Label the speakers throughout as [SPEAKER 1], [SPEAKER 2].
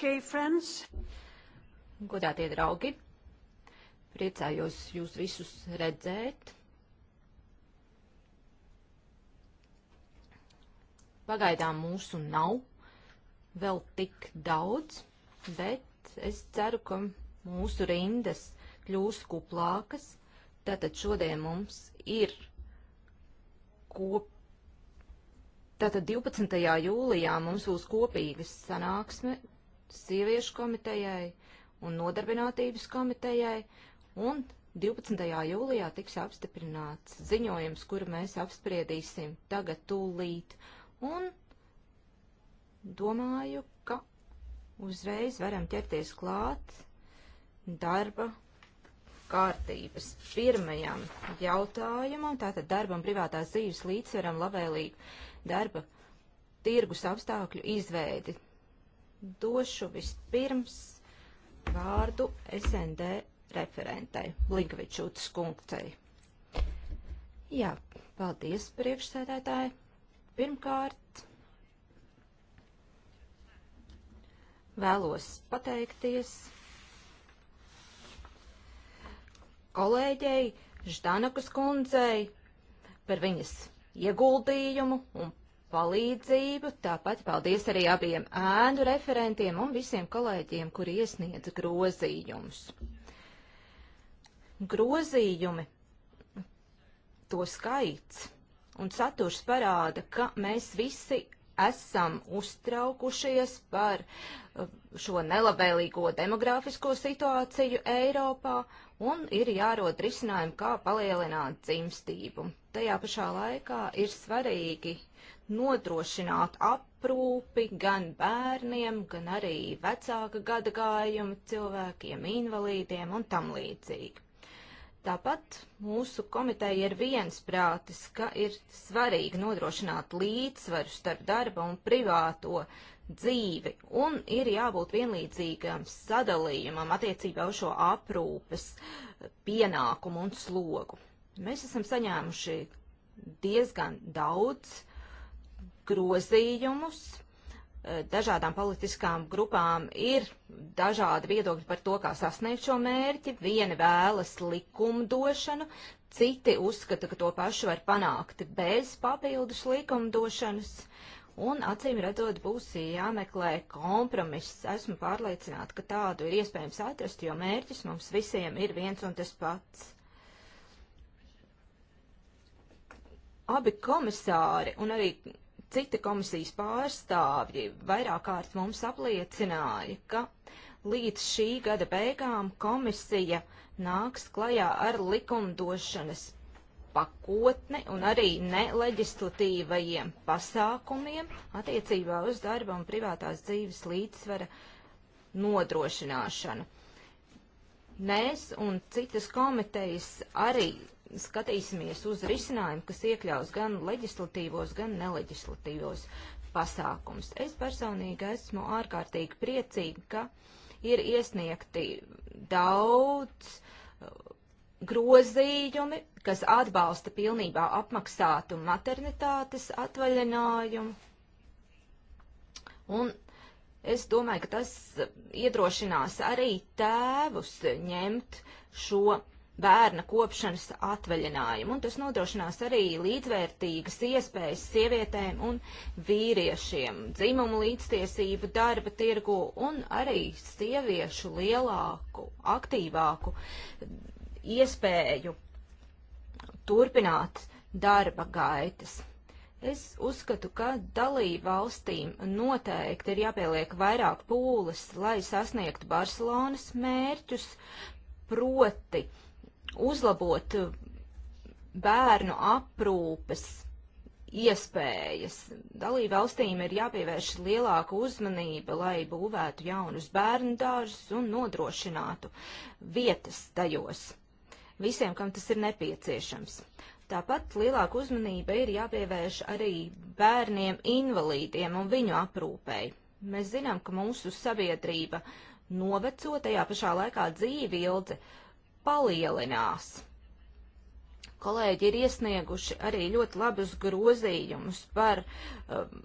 [SPEAKER 1] Okay, friends.
[SPEAKER 2] Godātie draugi, priecājos jūs visus redzēt. Pagaidām mūsu nav vēl tik daudz, bet es ceru, ka mūsu rindas kļūs kuplākas. Tātad šodien mums ir kopīgi. Tātad 12. jūlijā mums būs kopīgas sanāksme sieviešu komitejai un nodarbinātības komitejai, un 12. jūlijā tiks apstiprināts ziņojums, kuru mēs apspriedīsim tagad tūlīt, un domāju, ka uzreiz varam ķerties klāt darba kārtības pirmajam jautājumam, tātad darbam privātās dzīves līdzsveram labvēlīgu darba tirgus apstākļu izveidi došu vispirms vārdu SND referentai, Linkvičūtas kungcei. Jā, paldies priekšsēdētāji. Pirmkārt, vēlos pateikties kolēģei Ždanakas kundzei par viņas ieguldījumu un palīdzību. Tāpat paldies arī abiem ēnu referentiem un visiem kolēģiem, kuri iesniedz grozījumus. Grozījumi, to skaits un saturs parāda, ka mēs visi esam uztraukušies par uh, šo nelabvēlīgo demografisko situāciju Eiropā un ir jārod risinājumi, kā palielināt dzimstību. Tajā pašā laikā ir svarīgi nodrošināt aprūpi gan bērniem, gan arī vecāka gada gājuma cilvēkiem, invalīdiem un tam līdzīgi. Tāpat mūsu komiteja ir viensprātis, ka ir svarīgi nodrošināt līdzsvaru starp darba un privāto dzīvi, un ir jābūt vienlīdzīgam sadalījumam attiecībā uz šo aprūpes pienākumu un slogu. Mēs esam saņēmuši diezgan daudz grozījumus. Eh, dažādām politiskām grupām ir dažādi viedokļi par to, kā sasniegt šo mērķi. Viena vēlas likumdošanu, citi uzskata, ka to pašu var panākt bez papildus likumdošanas. Un acīm redzot, būs jāmeklē kompromiss. Esmu pārliecināta, ka tādu ir iespējams atrast, jo mērķis mums visiem ir viens un tas pats. Abi komisāri un arī citi komisijas pārstāvji vairāk kārt mums apliecināja, ka līdz šī gada beigām komisija nāks klajā ar likumdošanas pakotni un arī neleģislatīvajiem pasākumiem attiecībā uz darba un privātās dzīves līdzsvara nodrošināšanu. Mēs un citas komitejas arī skatīsimies uz risinājumu, kas iekļaus gan leģislatīvos, gan neleģislatīvos pasākums. Es personīgi esmu ārkārtīgi priecīga, ka ir iesniegti daudz uh, grozījumi, kas atbalsta pilnībā apmaksātu maternitātes atvaļinājumu. Un es domāju, ka tas iedrošinās arī tēvus ņemt šo bērna kopšanas atvaļinājumu, un tas nodrošinās arī līdzvērtīgas iespējas sievietēm un vīriešiem, dzimumu līdztiesību darba tirgu un arī sieviešu lielāku, aktīvāku iespēju turpināt darba gaitas. Es uzskatu, ka dalību valstīm noteikti ir jāpieliek vairāk pūles, lai sasniegtu Barcelonas mērķus, proti uzlabot uh, bērnu aprūpes iespējas. Dalību valstīm ir jāpievērš lielāka uzmanība, lai būvētu jaunus bērnu dārzus un nodrošinātu vietas tajos visiem, kam tas ir nepieciešams. Tāpat lielāka uzmanība ir jāpievērš arī bērniem invalīdiem un viņu aprūpei. Mēs zinām, ka mūsu sabiedrība noveco, tajā pašā laikā dzīve ilgi palielinās. Kolēģi ir iesnieguši arī ļoti labus grozījumus par um,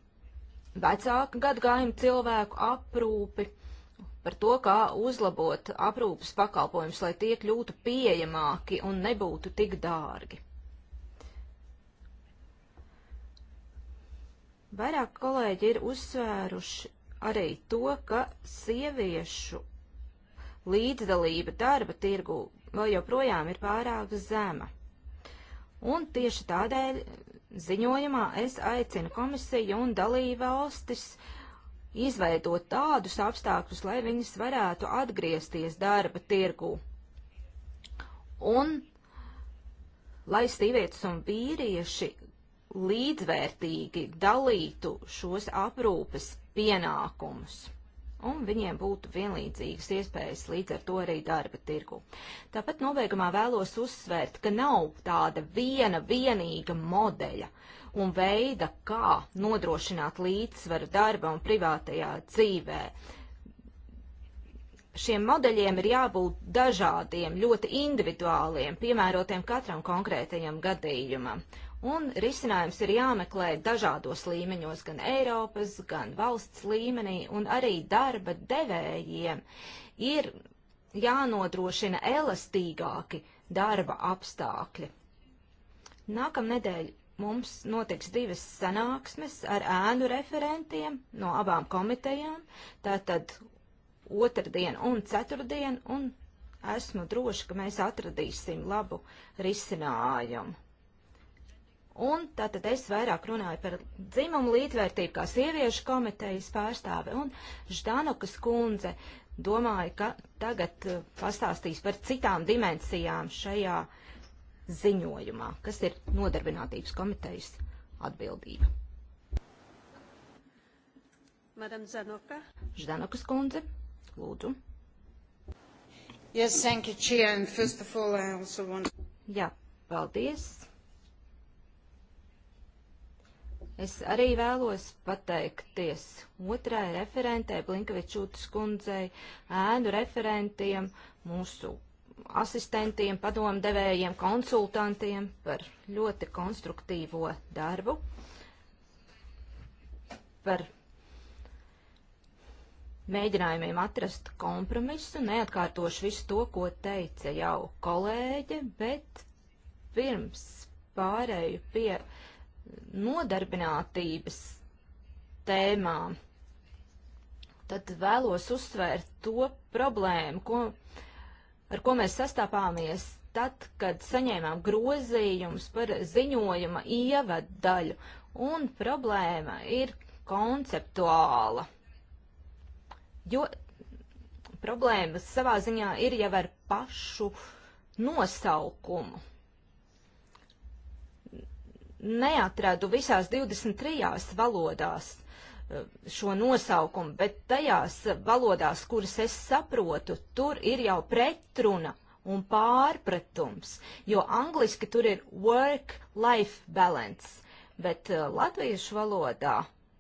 [SPEAKER 2] vecāku gadgājumu cilvēku aprūpi, par to, kā uzlabot aprūpas pakalpojumus, lai tie kļūtu pieejamāki un nebūtu tik dārgi. Vairāk kolēģi ir uzsvēruši arī to, ka sieviešu līdzdalība darba tirgu vēl joprojām ir pārāk zema. Un tieši tādēļ ziņojumā es aicinu komisiju un dalību valstis izveidot tādus apstākļus, lai viņas varētu atgriezties darba tirgu. Un lai sievietes un vīrieši līdzvērtīgi dalītu šos aprūpes pienākumus un viņiem būtu vienlīdzīgas iespējas līdz ar to arī darba tirgu. Tāpat nobeigumā vēlos uzsvērt, ka nav tāda viena vienīga modeļa un veida, kā nodrošināt līdzsvaru darba un privātajā dzīvē. Šiem modeļiem ir jābūt dažādiem, ļoti individuāliem, piemērotiem katram konkrētajam gadījumam. Uh, Un risinājums ir jāmeklē dažādos līmeņos, gan Eiropas, gan valsts līmenī, un arī darba devējiem ir jānodrošina elastīgāki darba apstākļi. Nākamnedēļ mums notiks divas sanāksmes ar ēnu referentiem no abām komitejām, tātad otrdien un ceturtdien, un esmu droši, ka mēs atradīsim labu risinājumu. Un tātad es vairāk runāju par dzimumu līdzvērtību kā sieviešu komitejas pārstāve. Un Ždanukas kundze domāja, ka tagad uh, pastāstīs par citām dimensijām šajā ziņojumā, kas ir nodarbinātības komitejas atbildība.
[SPEAKER 1] Madam Zanoka.
[SPEAKER 2] Ždanukas kundze, lūdzu.
[SPEAKER 3] Yes, thank you, Chia, and first of all, I also want... Jā, paldies. Es arī
[SPEAKER 2] vēlos pateikties otrai referentē, Blinkavičūtas kundzei, ēnu referentiem, mūsu asistentiem, padomdevējiem, konsultantiem par ļoti konstruktīvo darbu, par mēģinājumiem atrast kompromisu, neatkārtošu visu to, ko teica jau kolēģe, bet pirms pārēju pie nodarbinātības tēmām, tad vēlos uzsvērt to problēmu, ko, ar ko mēs sastāpāmies tad, kad saņēmām grozījumus par ziņojuma ievadaļu, un problēma ir konceptuāla. Jo problēmas savā ziņā ir jau ar pašu nosaukumu neatradu visās 23 valodās eh, šo nosaukumu, bet tajās valodās, kuras es saprotu, tur ir jau pretruna un pārpratums, jo angliski tur ir work-life balance, bet eh, latviešu valodā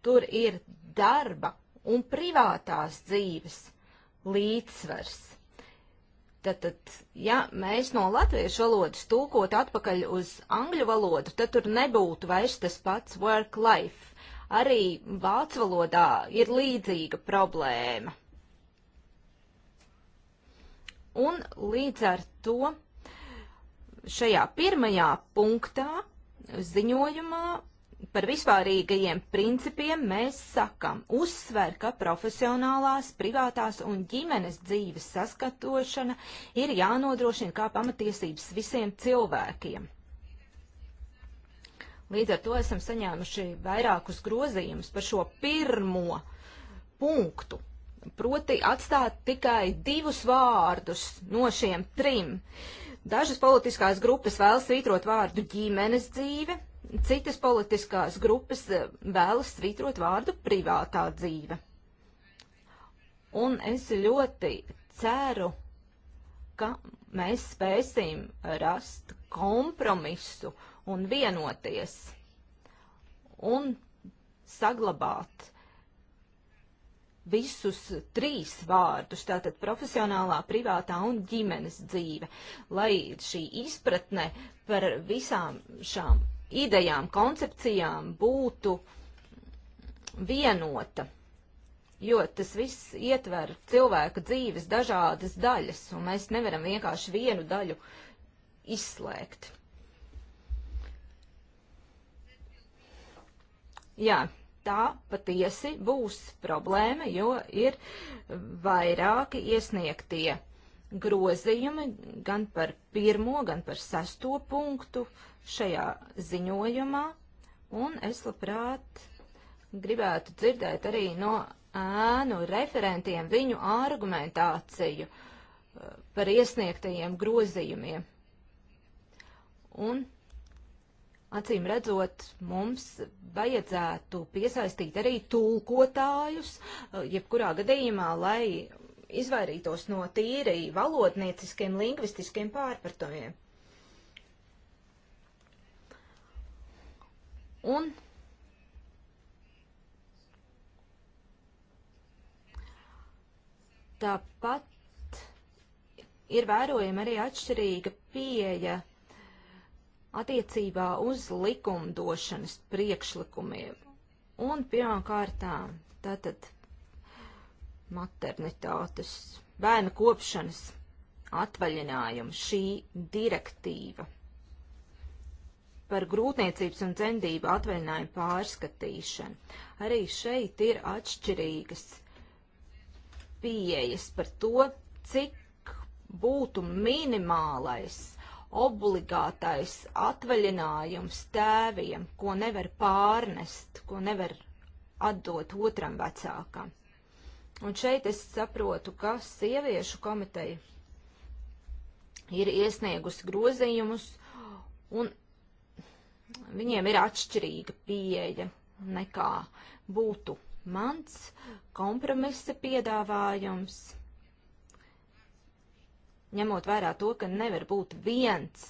[SPEAKER 2] tur ir darba un privātās dzīves līdzsvars. Tātad, ja mēs no latviešu valodas tūkot atpakaļ uz angļu valodu, tad tur nebūtu vairs tas pats work-life. Arī vācu valodā ir līdzīga problēma. Un līdz ar to šajā pirmajā punktā ziņojumā par vispārīgajiem principiem mēs sakam, uzsver, ka profesionālās, privātās un ģimenes dzīves saskatošana ir jānodrošina kā pamatiesības visiem cilvēkiem. Līdz ar to esam saņēmuši vairākus grozījumus par šo pirmo punktu. Proti atstāt tikai divus vārdus no šiem trim. Dažas politiskās grupas vēl svītrot vārdu ģimenes dzīve, citas politiskās grupas eh, vēlas svītrot vārdu privātā dzīve. Un es ļoti ceru, ka mēs spēsim rast kompromisu un vienoties un saglabāt visus trīs vārdus, tātad profesionālā, privātā un ģimenes dzīve, lai šī izpratne par visām šām idejām, koncepcijām būtu vienota, jo tas viss ietver cilvēka dzīves dažādas daļas, un mēs nevaram vienkārši vienu daļu izslēgt. Jā, tā patiesi būs problēma, jo ir vairāki iesniegtie grozījumi gan par pirmo, gan par sesto punktu, uh, šajā ziņojumā, un es labprāt gribētu dzirdēt arī no ēnu referentiem viņu argumentāciju uh, par iesniegtajiem grozījumiem. Un acīm redzot, mums vajadzētu piesaistīt arī tulkotājus, uh, jebkurā gadījumā, lai izvairītos no tīri valodnieciskiem, lingvistiskiem pārpratumiem. Un tāpat ir vērojama arī atšķirīga pieeja attiecībā uz likumdošanas priekšlikumiem. Un pirmām kārtām tātad maternitātes, bērnu kopšanas atvaļinājumu šī direktīva par grūtniecības un cendību atvaļinājumu pārskatīšanu. Arī šeit ir atšķirīgas pieejas par to, cik būtu minimālais obligātais atvaļinājums tēviem, ko nevar pārnest, ko nevar atdot otram vecākam. Un šeit es saprotu, ka sieviešu komiteja ir iesniegusi grozījumus un viņiem ir atšķirīga pieeja nekā būtu mans kompromisa piedāvājums. Ņemot vērā to, ka nevar būt viens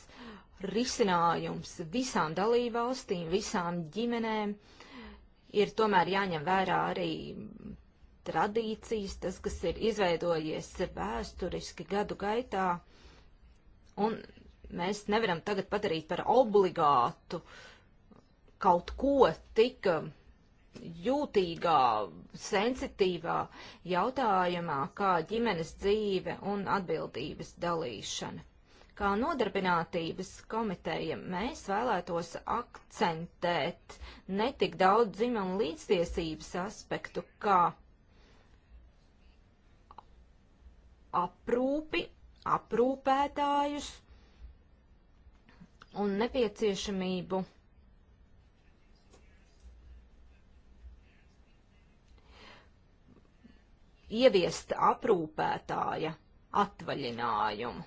[SPEAKER 2] risinājums visām dalībvalstīm, visām ģimenēm, ir tomēr jāņem vērā arī tradīcijas, tas, kas ir izveidojies vēsturiski gadu gaitā, un mēs nevaram tagad padarīt par obligātu kaut ko tik um, jūtīgā, sensitīvā jautājumā, kā ģimenes dzīve un atbildības dalīšana. Kā nodarbinātības komiteja mēs vēlētos akcentēt netik daudz dzimumu līdztiesības aspektu, kā aprūpi, aprūpētājus un nepieciešamību ieviest aprūpētāja atvaļinājumu.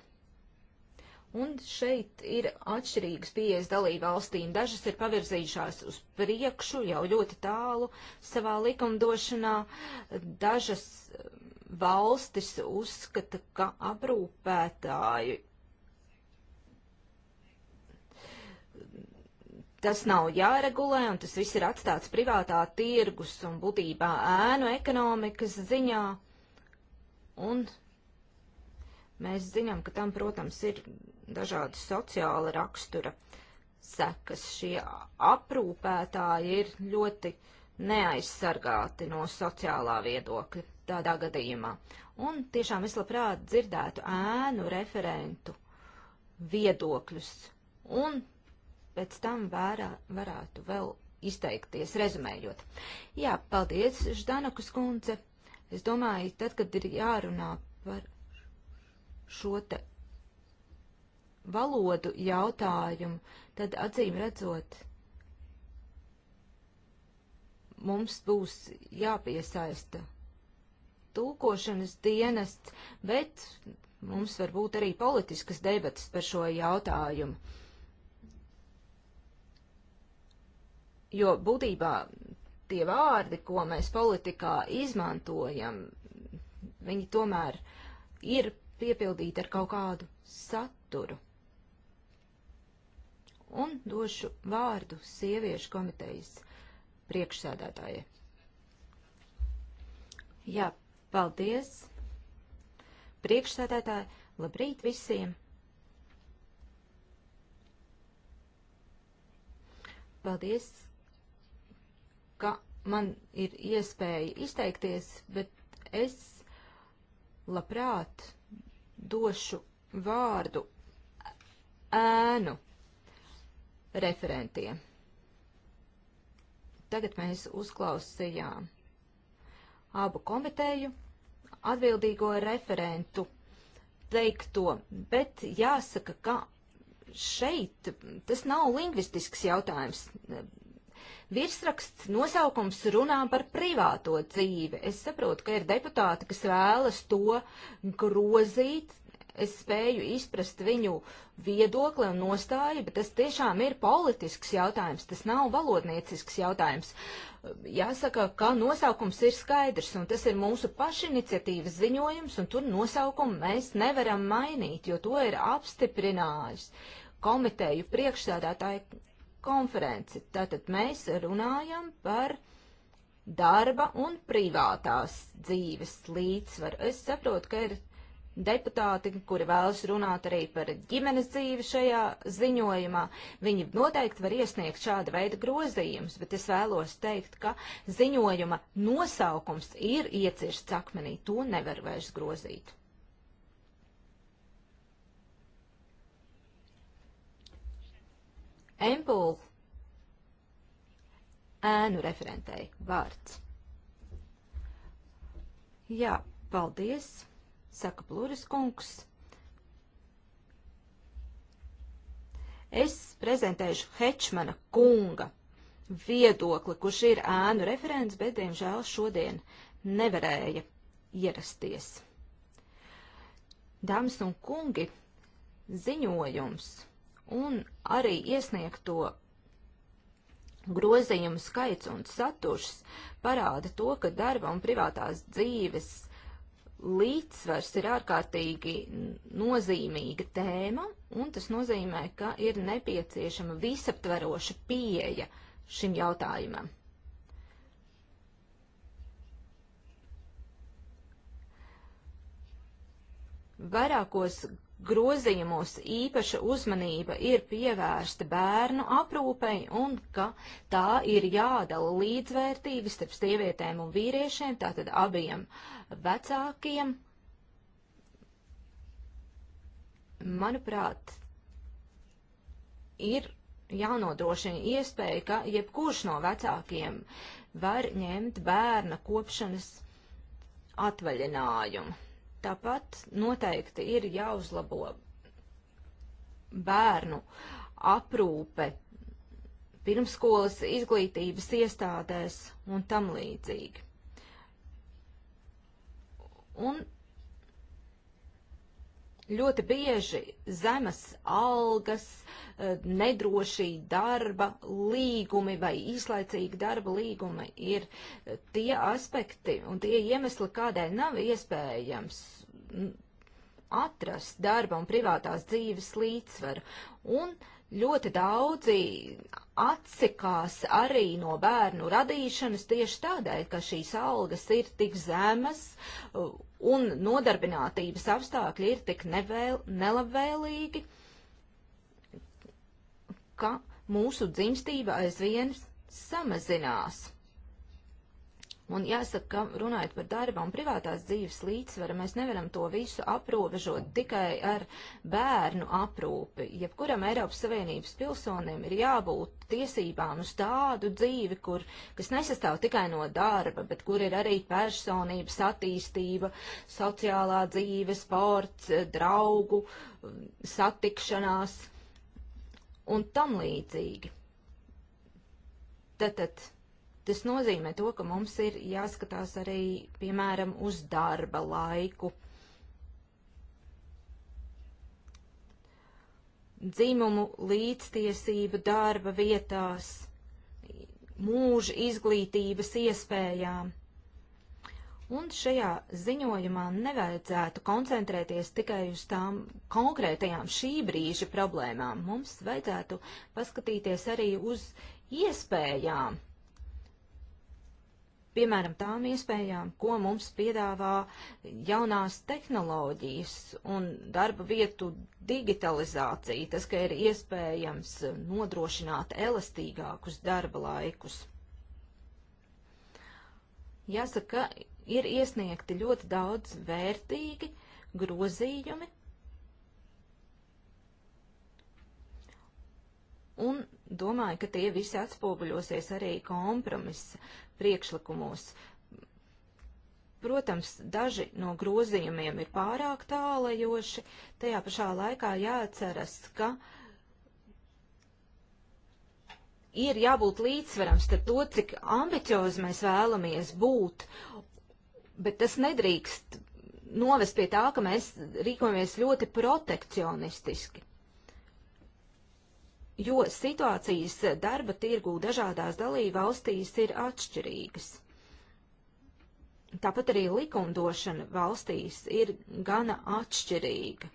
[SPEAKER 2] Un šeit ir atšķirīgas pieejas dalība valstīm. Dažas ir pavirzījušās uz priekšu jau ļoti tālu savā likumdošanā. Dažas valstis uzskata, ka aprūpētāju tas nav jāregulē, un tas viss ir atstāts privātā tirgus un būtībā ēnu ekonomikas ziņā. Un mēs zinām, ka tam, protams, ir dažādi sociāla rakstura sekas. Šie aprūpētāji ir ļoti neaizsargāti no sociālā viedokļa tādā gadījumā. Un tiešām es labprāt dzirdētu ēnu referentu viedokļus. Un pēc tam vērā, varētu vēl izteikties, rezumējot. Jā, paldies, Ždanakas kundze. Es domāju, tad, kad ir jārunā par šo te valodu jautājumu, tad acīm redzot, mums būs jāpiesaista tūkošanas dienests, bet mums var būt arī politiskas debatas par šo jautājumu. Jo būtībā tie vārdi, ko mēs politikā izmantojam, viņi tomēr ir piepildīti ar kaut kādu saturu. Un došu vārdu sieviešu komitejas priekšsēdētājai. Jā, paldies. Priekšsēdētāji, labrīt visiem. Paldies man ir iespēja izteikties, bet es labprāt došu vārdu ēnu referentiem. Tagad mēs uzklausījām abu komiteju atbildīgo referentu teikto, bet jāsaka, ka šeit tas nav lingvistisks jautājums. Virsraksts nosaukums runā par privāto dzīvi. Es saprotu, ka ir deputāti, kas vēlas to grozīt. Es spēju izprast viņu viedokli un nostāju, bet tas tiešām ir politisks jautājums, tas nav valodniecisks jautājums. Jāsaka, ka nosaukums ir skaidrs, un tas ir mūsu pašiniciatīvas ziņojums, un tur nosaukumu mēs nevaram mainīt, jo to ir apstiprinājis komiteju priekšsēdētāji konferenci. Tātad mēs runājam par darba un privātās dzīves līdzsvaru. Es saprotu, ka ir deputāti, kuri vēlas runāt arī par ģimenes dzīvi šajā ziņojumā. Viņi noteikti var iesniegt šāda veida grozījumus, bet es vēlos teikt, ka ziņojuma nosaukums ir iecirsts akmenī. To nevar vairs grozīt. Empul ēnu referentei vārds. Jā, paldies, saka Pluris kungs. Es prezentēšu Hečmana kunga viedokli, kurš ir ēnu referents, bet, diemžēl, šodien nevarēja ierasties. Dāmas un kungi, ziņojums – un arī iesniegto grozījumu skaits un saturs parāda to, ka darba un privātās dzīves līdzsvars ir ārkārtīgi nozīmīga tēma, un tas nozīmē, ka ir nepieciešama visaptveroša pieeja šim jautājumam. Vairākos grozījumos īpaša uzmanība ir pievērsta bērnu aprūpei un ka tā ir jādala līdzvērtīgi starp sievietēm un vīriešiem, tātad abiem vecākiem. Manuprāt, ir jānodrošina iespēja, ka jebkurš no vecākiem var ņemt bērna kopšanas atvaļinājumu. Tāpat noteikti ir jāuzlabo bērnu aprūpe pirmskolas izglītības iestādēs un tam līdzīgi. Un Ļoti bieži zemes algas, eh, nedrošī darba līgumi vai īslaicīgi darba līgumi ir eh, tie aspekti un tie iemesli, kādēļ nav iespējams mm, atrast darba un privātās dzīves līdzsvaru. Un uh, ļoti daudzi atsikās arī no bērnu radīšanas tieši tādēļ, ka šīs algas ir tik zemas un nodarbinātības apstākļi ir tik nevēl, nelabvēlīgi, ka mūsu dzimstība aizvien samazinās. Un jāsaka, ka runājot par darba un privātās dzīves līdzsvaru, mēs nevaram to visu aprobežot tikai ar bērnu aprūpi. Jebkuram Eiropas Savienības pilsonim ir jābūt tiesībām uz tādu dzīvi, kur, kas nesastāv tikai no darba, bet kur ir arī personības attīstība, sociālā dzīve, sports, draugu, satikšanās un tam līdzīgi. Tātad. Tā Tas nozīmē to, ka mums ir jāskatās arī, piemēram, uz darba laiku. Dzimumu līdztiesību darba vietās, mūža izglītības iespējām. Un šajā ziņojumā nevajadzētu koncentrēties tikai uz tām konkrētajām šī brīža problēmām. Mums vajadzētu paskatīties arī uz iespējām piemēram, tām iespējām, ko mums piedāvā jaunās tehnoloģijas un darba vietu digitalizācija, tas, ka ir iespējams nodrošināt elastīgākus darba laikus. Jāsaka, ir iesniegti ļoti daudz vērtīgi grozījumi. Un domāju, ka tie visi atspoguļosies arī kompromisa priekšlikumos. Protams, daži no grozījumiem ir pārāk tālajoši, tajā pašā laikā jāatceras, ka ir jābūt līdzsveram starp to, cik ambiciozi mēs vēlamies būt, bet tas nedrīkst novest pie tā, ka mēs rīkojamies ļoti protekcionistiski jo situācijas darba tirgū dažādās dalība valstīs ir atšķirīgas. Tāpat arī likumdošana valstīs ir gana atšķirīga.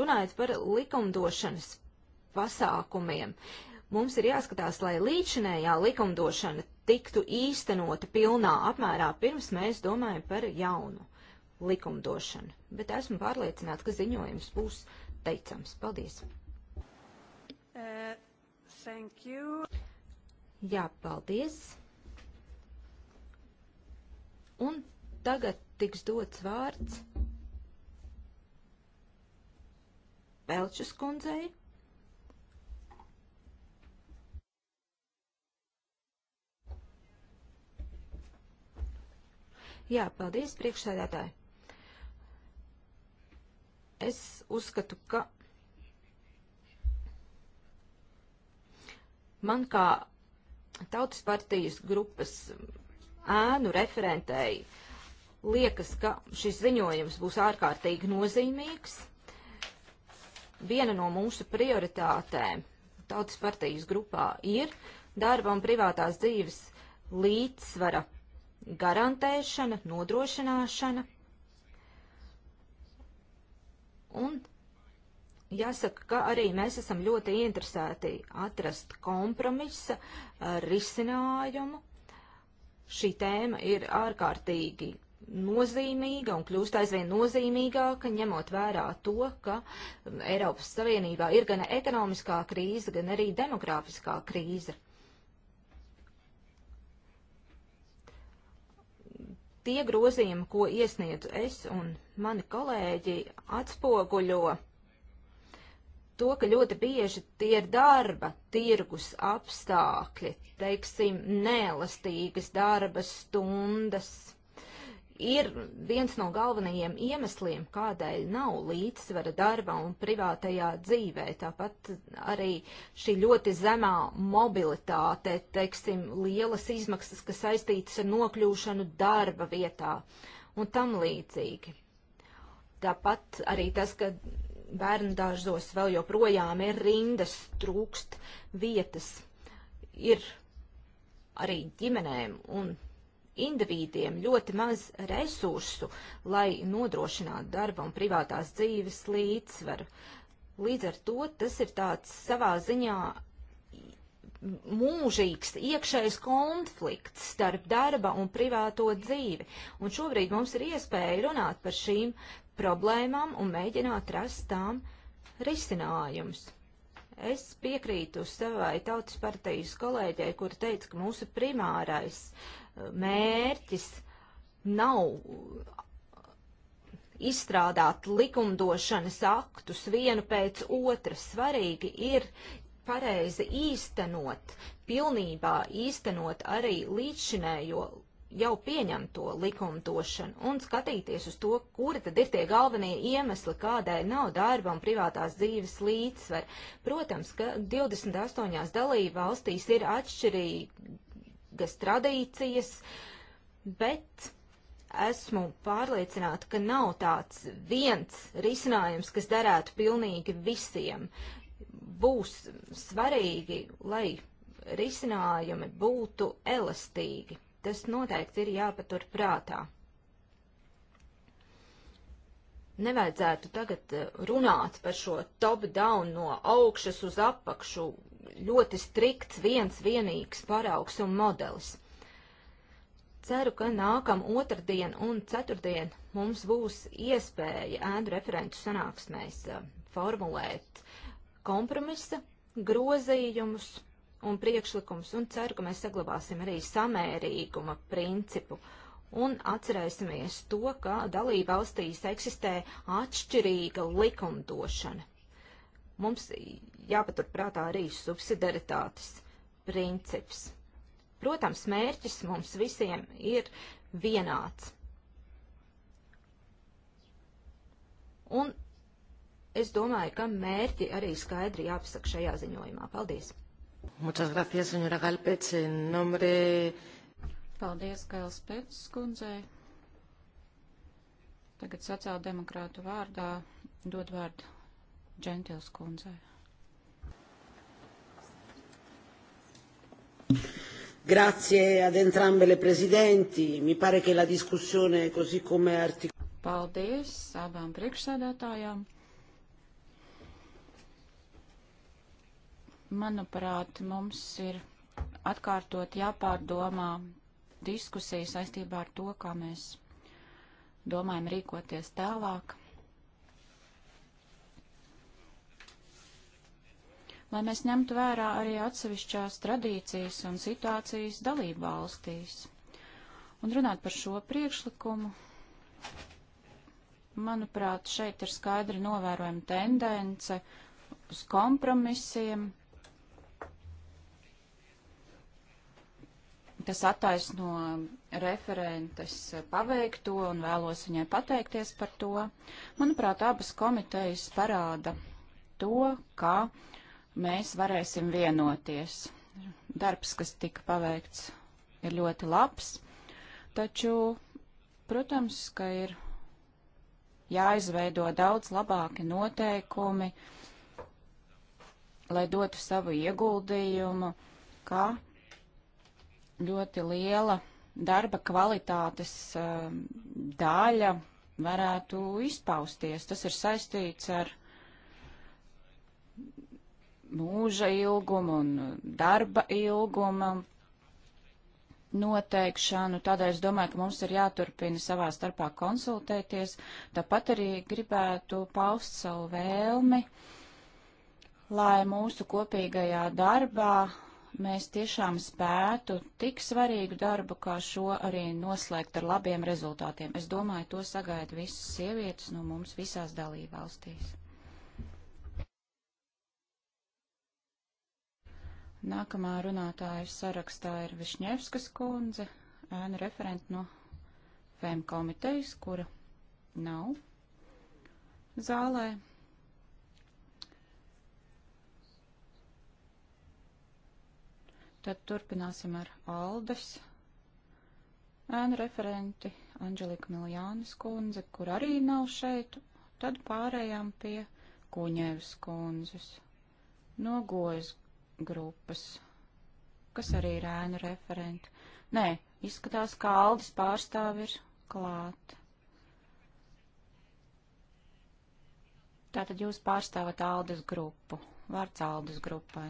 [SPEAKER 2] Runājot par likumdošanas pasākumiem, mums ir jāskatās, lai līdzinējā likumdošana tiktu īstenota pilnā apmērā, pirms mēs domājam par jaunu likumdošanu. Bet esmu pārliecināta, ka ziņojums būs teicams. Paldies!
[SPEAKER 1] Uh, thank you.
[SPEAKER 2] Jā, paldies. Un tagad tiks dots vārds Pelčas kundzei. Jā, paldies priekšsēdētāji. Es uzskatu, ka man kā Tautas partijas grupas ēnu referentēji liekas, ka šis ziņojums būs ārkārtīgi nozīmīgs. Viena no mūsu prioritātēm Tautas partijas grupā ir darba un privātās dzīves līdzsvara garantēšana, nodrošināšana. Un jāsaka, ka arī mēs esam ļoti interesēti atrast kompromisa uh, risinājumu. Šī tēma ir ārkārtīgi nozīmīga un kļūst aizvien nozīmīgāka, ņemot vērā to, ka um, Eiropas Savienībā ir gan ekonomiskā krīze, gan arī demografiskā krīze. tie grozījumi, ko iesniedzu es un mani kolēģi, atspoguļo to, ka ļoti bieži tie ir darba tirgus apstākļi, teiksim, neelastīgas darba stundas ir viens no galvenajiem iemesliem, kādēļ nav līdzsvara darba un privātajā dzīvē. Tāpat arī šī ļoti zemā mobilitāte, teiksim, lielas izmaksas, kas saistītas ar nokļūšanu darba vietā un tam līdzīgi. Tāpat arī tas, ka bērnu dārzos vēl joprojām ir rindas, trūkst vietas, ir arī ģimenēm un indivīdiem ļoti maz resursu, lai nodrošinātu darba un privātās dzīves līdzsvaru. Līdz ar to tas ir tāds savā ziņā mūžīgs iekšējs konflikts starp darba un privāto dzīvi. Un šobrīd mums ir iespēja runāt par šīm problēmām un mēģināt rast tām risinājumus. Es piekrītu savai tautas partijas kolēģei, kur teica, ka mūsu primārais uh, mērķis nav izstrādāt likumdošanas aktus vienu pēc otra. Svarīgi ir pareizi īstenot, pilnībā īstenot arī līdzšinējo jau pieņemto likumdošanu un skatīties uz to, kuri tad ir tie galvenie iemesli, kādēļ nav darba un privātās dzīves līdzsver. Protams, ka 28. dalība valstīs ir atšķirīgi kādas tradīcijas, bet esmu pārliecināta, ka nav tāds viens risinājums, kas derētu pilnīgi visiem. Būs svarīgi, lai risinājumi būtu elastīgi. Tas noteikti ir jāpatur prātā. Nevajadzētu tagad eh, runāt par šo top-down no augšas uz apakšu ļoti strikts, viens vienīgs paraugs un modelis. Ceru, ka nākam otrdien un ceturtdien mums būs iespēja ēnu referentu sanāksmēs uh, formulēt kompromisa grozījumus un priekšlikums, un ceru, ka mēs saglabāsim arī samērīguma principu un atcerēsimies to, ka dalība valstīs eksistē atšķirīga likumdošana. Mums jāpaturprātā arī subsidaritātes princips. Protams, mērķis mums visiem ir vienāds. Un es domāju, ka mērķi arī skaidri jāpasaka šajā ziņojumā. Paldies!
[SPEAKER 3] Muchas gracias, señora Galpēc, en nombre... Paldies, Gails Pēc, skundzei. Tagad sociāldemokrātu vārdā dod vārdu Džentils kundzei. Grazie ad entrambe le presidenti. Mi pare che la discussione così come articolata. Paldies abām priekšsēdētājām. Manuprāt, mums ir atkārtot jāpārdomā diskusija saistībā ar to, kā mēs domājam rīkoties tālāk. lai mēs ņemtu vērā arī atsevišķās tradīcijas un situācijas dalību valstīs. Un runāt par šo priekšlikumu, manuprāt, šeit ir skaidri novērojama tendence uz kompromisiem, kas attaisno referentes paveikto un vēlos viņai pateikties par to. Manuprāt, abas komitejas parāda to, ka uh, mēs varēsim vienoties. Darbs, kas tika paveikts, ir ļoti labs, taču, protams, ka ir jāizveido daudz labāki noteikumi, lai dotu savu ieguldījumu, kā ļoti liela darba kvalitātes uh, daļa varētu izpausties. Tas ir saistīts ar mūža ilguma un darba ilguma noteikšanu. Tādēļ es domāju, ka mums ir jāturpina savā starpā konsultēties. Tāpat arī gribētu paust savu vēlmi, lai mūsu kopīgajā darbā mēs tiešām spētu tik svarīgu darbu kā šo arī noslēgt ar labiem rezultātiem. Es domāju, to sagaida visas sievietes no mums visās dalībvalstīs. Nākamā runātāja sarakstā ir Višņevskas kundze, ēna referenta no FEM komitejas, kura nav zālē. Tad turpināsim ar Aldes ēnu referenti Anģeliku Miljānas kundze, kur arī nav šeit. Tad pārējām pie Kuņevas kundzes no Gojas grupas, kas arī ir ēnu referenti. Nē, izskatās, ka Aldis pārstāvi ir klāt. Tātad jūs pārstāvat Aldis grupu, vārds Aldis grupai.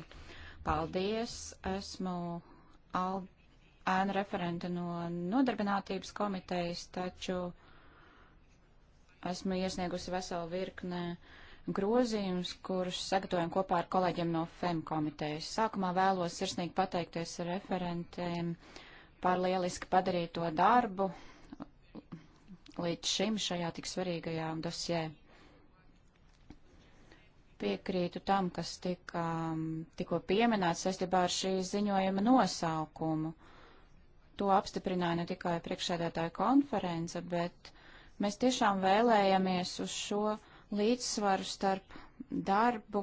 [SPEAKER 3] Paldies, esmu Ald ēnu referente no nodarbinātības komitejas, taču esmu iesniegusi veselu virknē uh, grozījumus, kurus sagatavojam kopā ar kolēģiem no FEM komitejas. Sākumā vēlos sirsnīgi pateikties referentiem par lieliski padarīto darbu līdz šim šajā tik svarīgajā dosjē. Piekrītu tam, kas tika, um, tikko pieminēts saistībā ar šī ziņojuma nosaukumu. To apstiprināja ne tikai priekšsēdētāja konference, bet mēs tiešām vēlējamies uz šo līdzsvaru starp darbu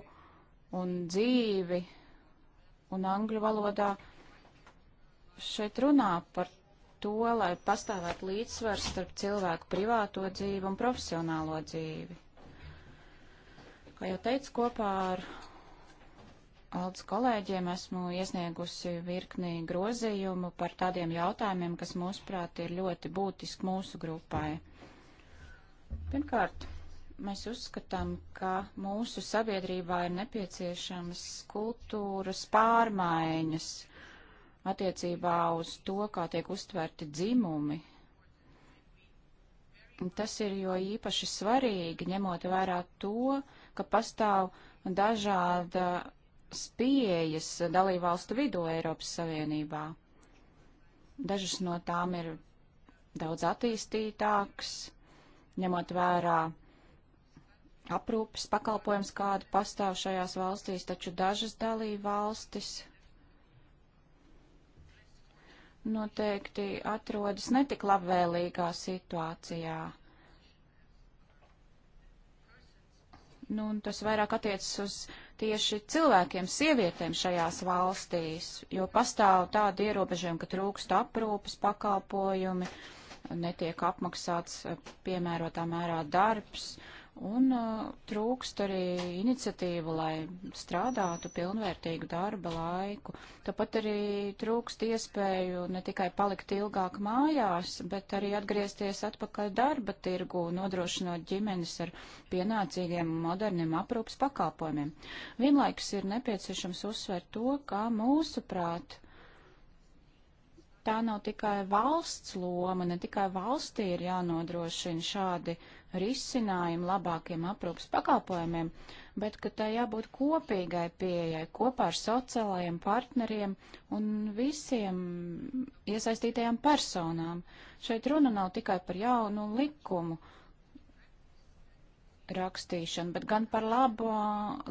[SPEAKER 3] un dzīvi, un angļu valodā šeit runā par to, lai pastāvētu līdzsvars starp cilvēku privāto dzīvi un profesionālo dzīvi. Kā jau teicu, kopā ar Aldus kolēģiem esmu iesniegusi virknī grozījumu par tādiem jautājumiem, kas mūsuprāt ir ļoti būtiski mūsu grupai. Pirmkārt, Mēs uzskatām, ka mūsu sabiedrībā ir nepieciešamas kultūras pārmaiņas attiecībā uz to, kā tiek uztverti dzimumi. Tas ir jo īpaši svarīgi, ņemot vērā to, ka pastāv dažāda spiejas dalībvalstu vidū Eiropas Savienībā. Dažas no tām ir daudz attīstītāks, ņemot vērā aprūpes pakalpojums, kādu pastāv šajās valstīs, taču dažas dalība valstis noteikti atrodas netik labvēlīgā situācijā. Nu, un tas vairāk attiecas uz tieši cilvēkiem, sievietēm šajās valstīs, jo pastāv tādi ierobežojumi, ka trūkst aprūpes pakalpojumi, netiek apmaksāts piemērotā mērā darbs. Uh, Un uh, trūkst arī iniciatīvu, lai strādātu pilnvērtīgu darba laiku. Tāpat arī trūkst iespēju ne tikai palikt ilgāk mājās, bet arī atgriezties atpakaļ darba tirgu, nodrošinot ģimenes ar pienācīgiem moderniem aprūpas pakalpojumiem. Vienlaikus ir nepieciešams uzsvērt to, kā mūsuprāt, tā nav tikai valsts loma, ne tikai valstī ir jānodrošina šādi risinājumu labākiem aprūpas pakalpojumiem, bet ka tā jābūt kopīgai pieejai kopā ar sociālajiem partneriem un visiem iesaistītajām personām. Šeit runa nav tikai par jaunu likumu rakstīšanu, bet gan par labo,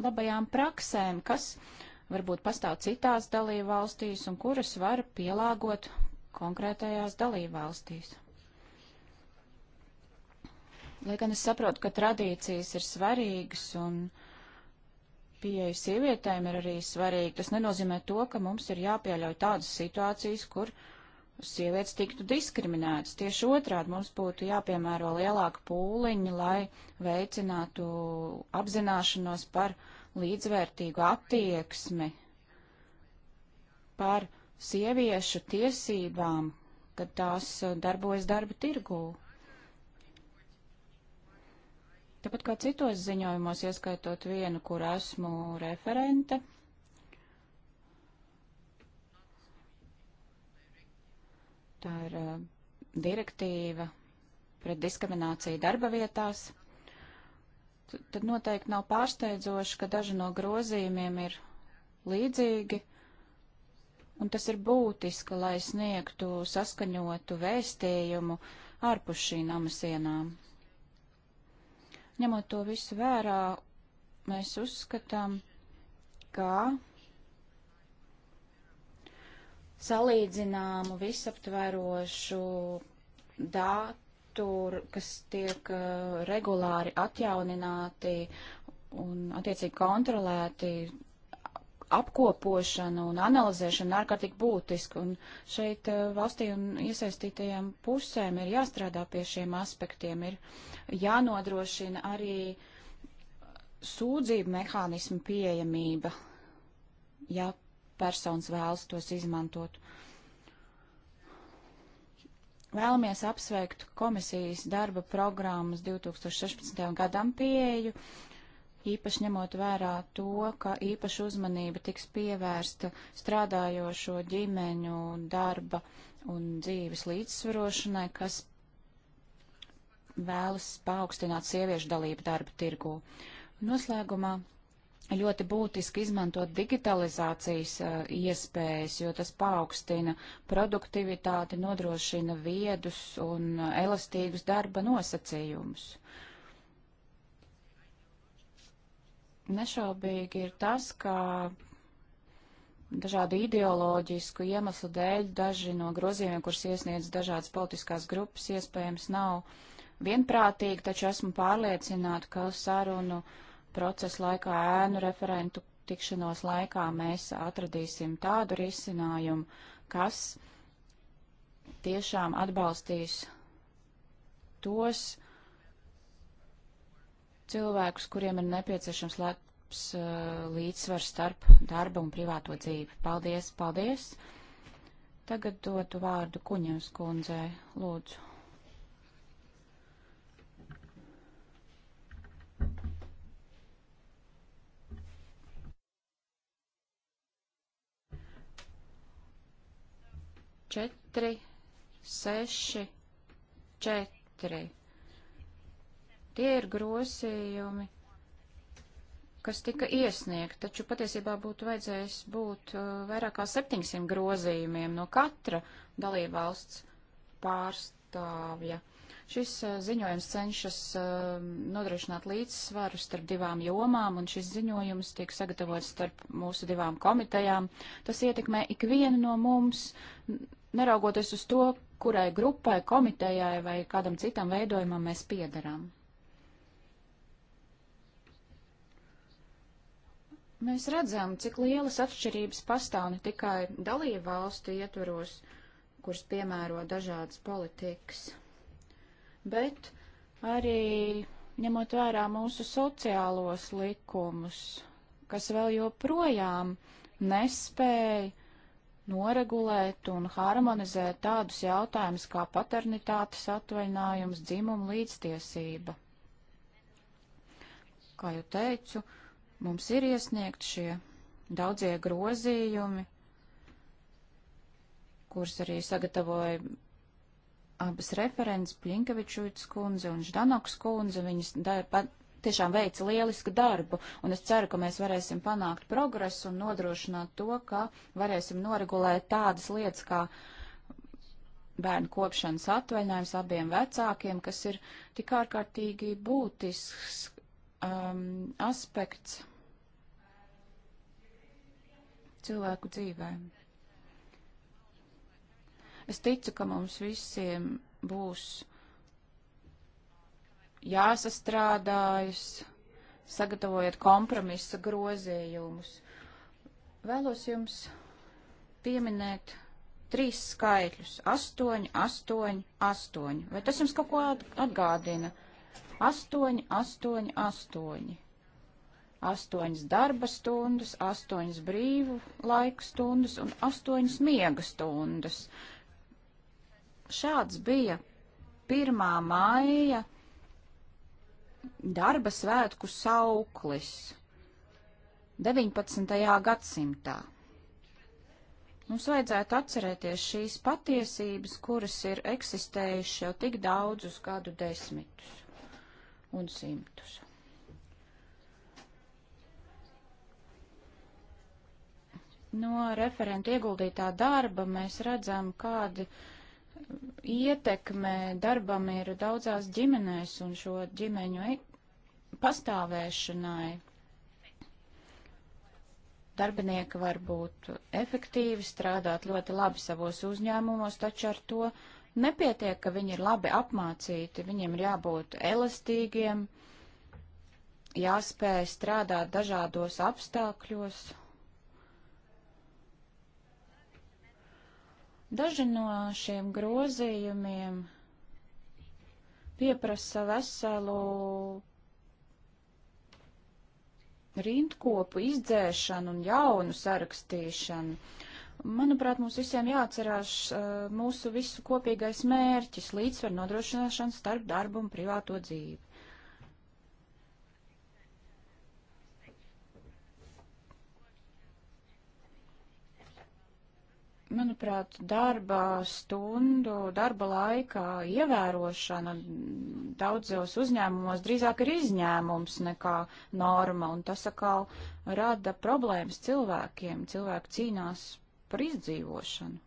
[SPEAKER 3] labajām praksēm, kas varbūt pastāv citās dalībvalstīs un kuras var pielāgot konkrētajās dalībvalstīs. Lai gan es saprotu, ka tradīcijas ir svarīgas un pieeja sievietēm ir arī svarīga, tas nenozīmē to, ka mums ir jāpieļauj tādas situācijas, kur sievietes tiktu diskriminētas. Tieši otrādi mums būtu jāpiemēro lielāka pūliņa, lai veicinātu apzināšanos par līdzvērtīgu attieksmi, par sieviešu tiesībām, kad tās darbojas darba tirgū. Tāpat kā citos ziņojumos, ieskaitot vienu, kur esmu referente, tā ir uh, direktīva pret diskrimināciju darba vietās, tad noteikti nav pārsteidzoši, ka daži no grozījumiem ir līdzīgi, un tas ir būtiski, lai sniegtu saskaņotu vēstījumu ārpus šīm namasienām. sienām. Ņemot to visu vērā, mēs uzskatām, ka salīdzināmu visaptverošu datu, kas tiek eh, regulāri atjaunināti un attiecīgi kontrolēti, apkopošana un analizēšana ir ārkārtīgi būtiska, un šeit eh, valstī un iesaistītajām pusēm ir jāstrādā pie šiem aspektiem, ir jānodrošina arī sūdzību mehānismu pieejamība, ja personas vēlas tos izmantot. Vēlamies apsveikt komisijas darba programmas 2016. gadam pieeju, īpaši ņemot vērā to, ka īpaši uzmanība tiks pievērsta strādājošo ģimeņu darba un dzīves līdzsvarošanai, kas vēlas paaugstināt sieviešu dalību darba tirgū. Noslēgumā ļoti būtiski izmantot digitalizācijas uh, iespējas, jo tas paaugstina produktivitāti, nodrošina viedus un elastīgus darba nosacījumus. Uh, nešaubīgi ir tas, ka dažādu ideoloģisku iemeslu dēļ daži no grozījumiem, kurus iesniedz dažādas politiskās grupas, iespējams nav vienprātīgi, taču esmu pārliecināta, ka sarunu procesu laikā, ēnu referentu tikšanos laikā mēs atradīsim tādu risinājumu, kas tiešām atbalstīs tos, cilvēkus, kuriem ir nepieciešams labs uh, līdzsvars starp darba un privāto dzīvi. Paldies, paldies! Tagad dotu vārdu kuņams kundzei, lūdzu. Četri, seši, četri. Tie ir grozījumi, kas tika iesniegt, taču patiesībā būtu vajadzējis būt uh, vairāk kā 700 grozījumiem no katra dalībvalsts pārstāvja. Šis uh, ziņojums cenšas uh, nodrošināt līdzsvaru starp divām jomām, un šis ziņojums tiek sagatavots starp mūsu divām komitejām. Tas ietekmē ikvienu no mums, neraugoties uz to, kurai grupai, komitejai vai kādam citam veidojumam mēs piedarām. Mēs redzam, cik lielas atšķirības pastāv ne tikai dalību valstu ietvaros, kuras piemēro dažādas politikas, bet arī ņemot vērā mūsu sociālos likumus, kas vēl joprojām nespēja noregulēt un harmonizēt tādus jautājumus kā paternitātes atvaļinājums, dzimuma līdztiesība. Kā jau teicu, uh, Mums ir iesniegt šie daudzie grozījumi, kurus arī sagatavoja abas referents, Plinkevičūtas kundze un Ždanoks kundze. Viņas tiešām veica lielisku darbu, un es ceru, ka mēs varēsim panākt progresu un nodrošināt to, ka varēsim noregulēt tādas lietas kā bērnu kopšanas atvaļinājums abiem vecākiem, kas ir tik ārkārtīgi būtisks um, aspekts cilvēku dzīvē. Es ticu, ka mums visiem būs jāsastrādājas, sagatavojot kompromisa grozījumus. Vēlos jums pieminēt trīs skaitļus - astoņi, astoņi, astoņi. Vai tas jums kaut ko atgādina? 8, 8, 8. 8 darba stundas, 8 brīvu laika stundas un 8 miega stundas. Šāds bija 1. māja darba svētku sauklis 19. gadsimtā. Mums vajadzētu atcerēties šīs patiesības, kuras ir eksistējušas jau tik daudzus gadu desmitus un simtus. No referenta ieguldītā darba mēs redzam, kāda ietekme darbam ir daudzās ģimenēs un šo ģimeņu e- pastāvēšanai. Darbinieki var būt efektīvi, strādāt ļoti labi savos uzņēmumos, taču ar to Nepietiek, ka viņi ir labi apmācīti, viņiem ir jābūt elastīgiem, jāspēj strādāt dažādos apstākļos. Daži no šiem grozījumiem pieprasa veselu rindkopu izdzēšanu un jaunu sarakstīšanu. Manuprāt, mums visiem jāatcerās eh, mūsu visu kopīgais mērķis - līdzsver nodrošināšana starp darbu un privāto dzīvi. manuprāt, darba stundu, darba laika ievērošana daudzos uzņēmumos drīzāk ir izņēmums nekā norma, un tas atkal rada problēmas cilvēkiem. Cilvēki cīnās par izdzīvošanu.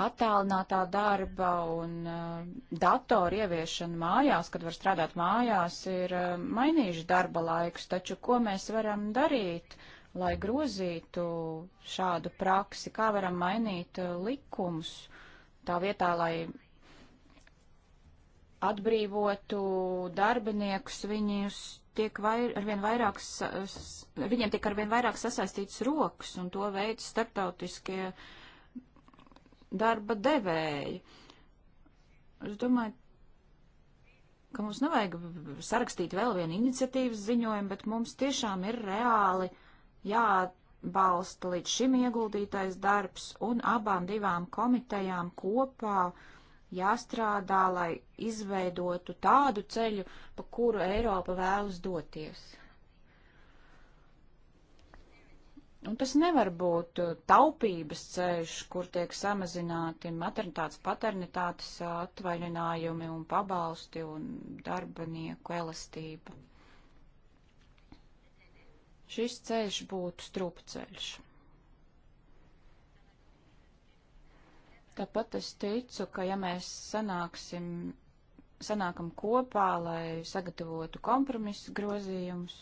[SPEAKER 3] attālinātā darba un uh, datoru ieviešana mājās, kad var strādāt mājās, ir uh, mainījuši darba laikus, taču ko mēs varam darīt, lai grozītu šādu praksi, kā varam mainīt uh, likumus tā vietā, lai atbrīvotu darbiniekus, viņus tiek vai, arvien vairāk, viņiem tiek arvien vairāk sasaistīts rokas, un to veids starptautiskie darba devēji. Es domāju, ka mums nevajag sarakstīt vēl vienu iniciatīvas ziņojumu, bet mums tiešām ir reāli jābalsta līdz šim ieguldītais darbs, un abām divām komitejām kopā uh, jāstrādā, lai izveidotu tādu ceļu, pa kuru Eiropa vēlas doties. Un tas nevar būt uh, taupības ceļš, kur tiek samazināti maternitātes, paternitātes atvaļinājumi un pabalsti un darbinieku elastība. Šis ceļš būtu strupceļš. ceļš. Tāpat es ticu, ka ja mēs sanāksim, sanākam kopā, lai sagatavotu kompromisu grozījumus,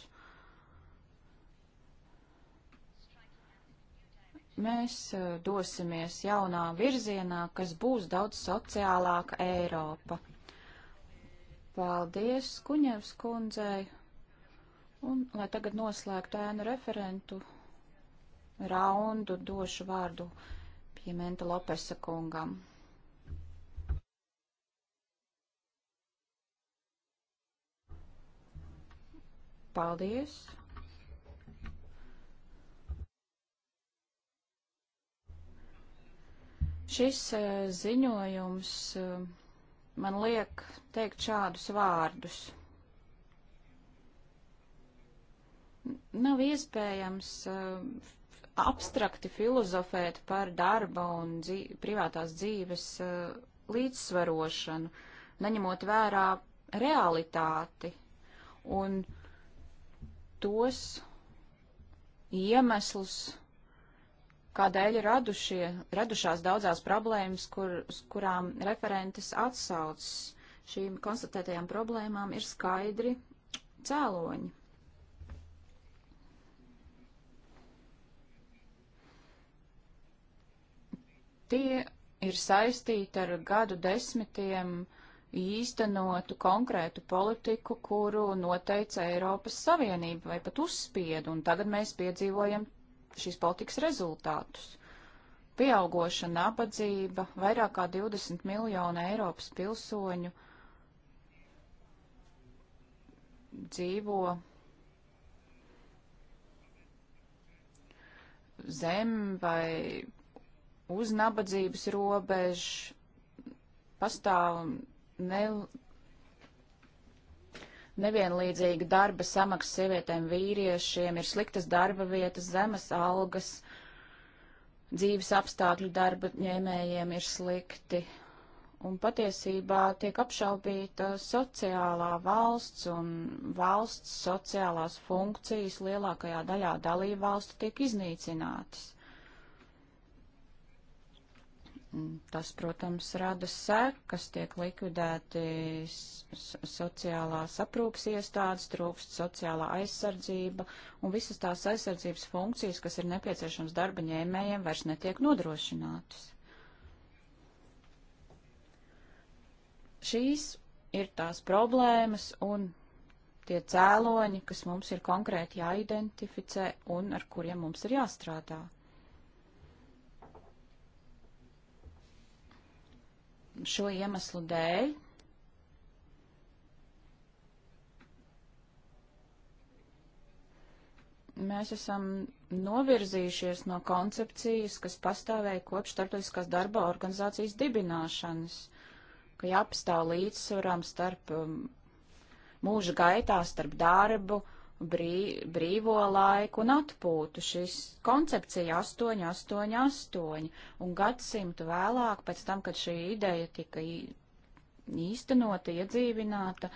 [SPEAKER 3] mēs eh, dosimies jaunā virzienā, kas būs daudz sociālāka Eiropa. Paldies Kuņevs kundzei, un lai tagad noslēgtu ēnu referentu raundu, došu vārdu Pimenta Lopesa kungam. Paldies! Šis eh, ziņojums eh, man liek teikt šādus vārdus. Nav iespējams uh, abstrakti filozofēt par darba un dzīv privātās dzīves uh, līdzsvarošanu, neņemot vērā realitāti un tos iemeslus, kādēļ radušie, radušās daudzās problēmas, kur, uz kurām referentes atsaucas. Šīm konstatētajām problēmām ir skaidri cēloņi. tie ir saistīti ar gadu desmitiem īstenotu konkrētu politiku, kuru noteica Eiropas Savienība vai pat uzspieda, un tagad mēs piedzīvojam šīs politikas rezultātus. Pieaugoša nabadzība, vairāk kā 20 miljonu Eiropas pilsoņu dzīvo zem vai uz nabadzības robežu pastāv ne, nevienlīdzīga darba samaksa sievietēm vīriešiem, ir sliktas darba vietas, zemes algas, dzīves apstākļi darba ņēmējiem ir slikti. Un patiesībā tiek apšaubīta sociālā valsts un valsts sociālās funkcijas lielākajā daļā dalību valstu tiek iznīcinātas. Mm, tas, protams, rada sekas, tiek likvidēti sociālās aprūpas iestādes, trūkst sociālā aizsardzība, un visas tās aizsardzības funkcijas, kas ir nepieciešams darba ņēmējiem, vairs netiek nodrošinātas. Šīs ir tās problēmas un tie cēloņi, kas mums ir konkrēti jāidentificē un ar kuriem mums ir jāstrādā. šo iemeslu dēļ mēs esam novirzījušies no koncepcijas, kas pastāvēja kopš starptautiskās darba organizācijas dibināšanas, ka jāpastāv līdzsvaram starp um, mūža gaitā, starp darbu, uh, brī, brīvo laiku un atpūtu. Šis koncepcija 888 un gadsimtu vēlāk, pēc tam, kad šī ideja tika īstenota, iedzīvināta,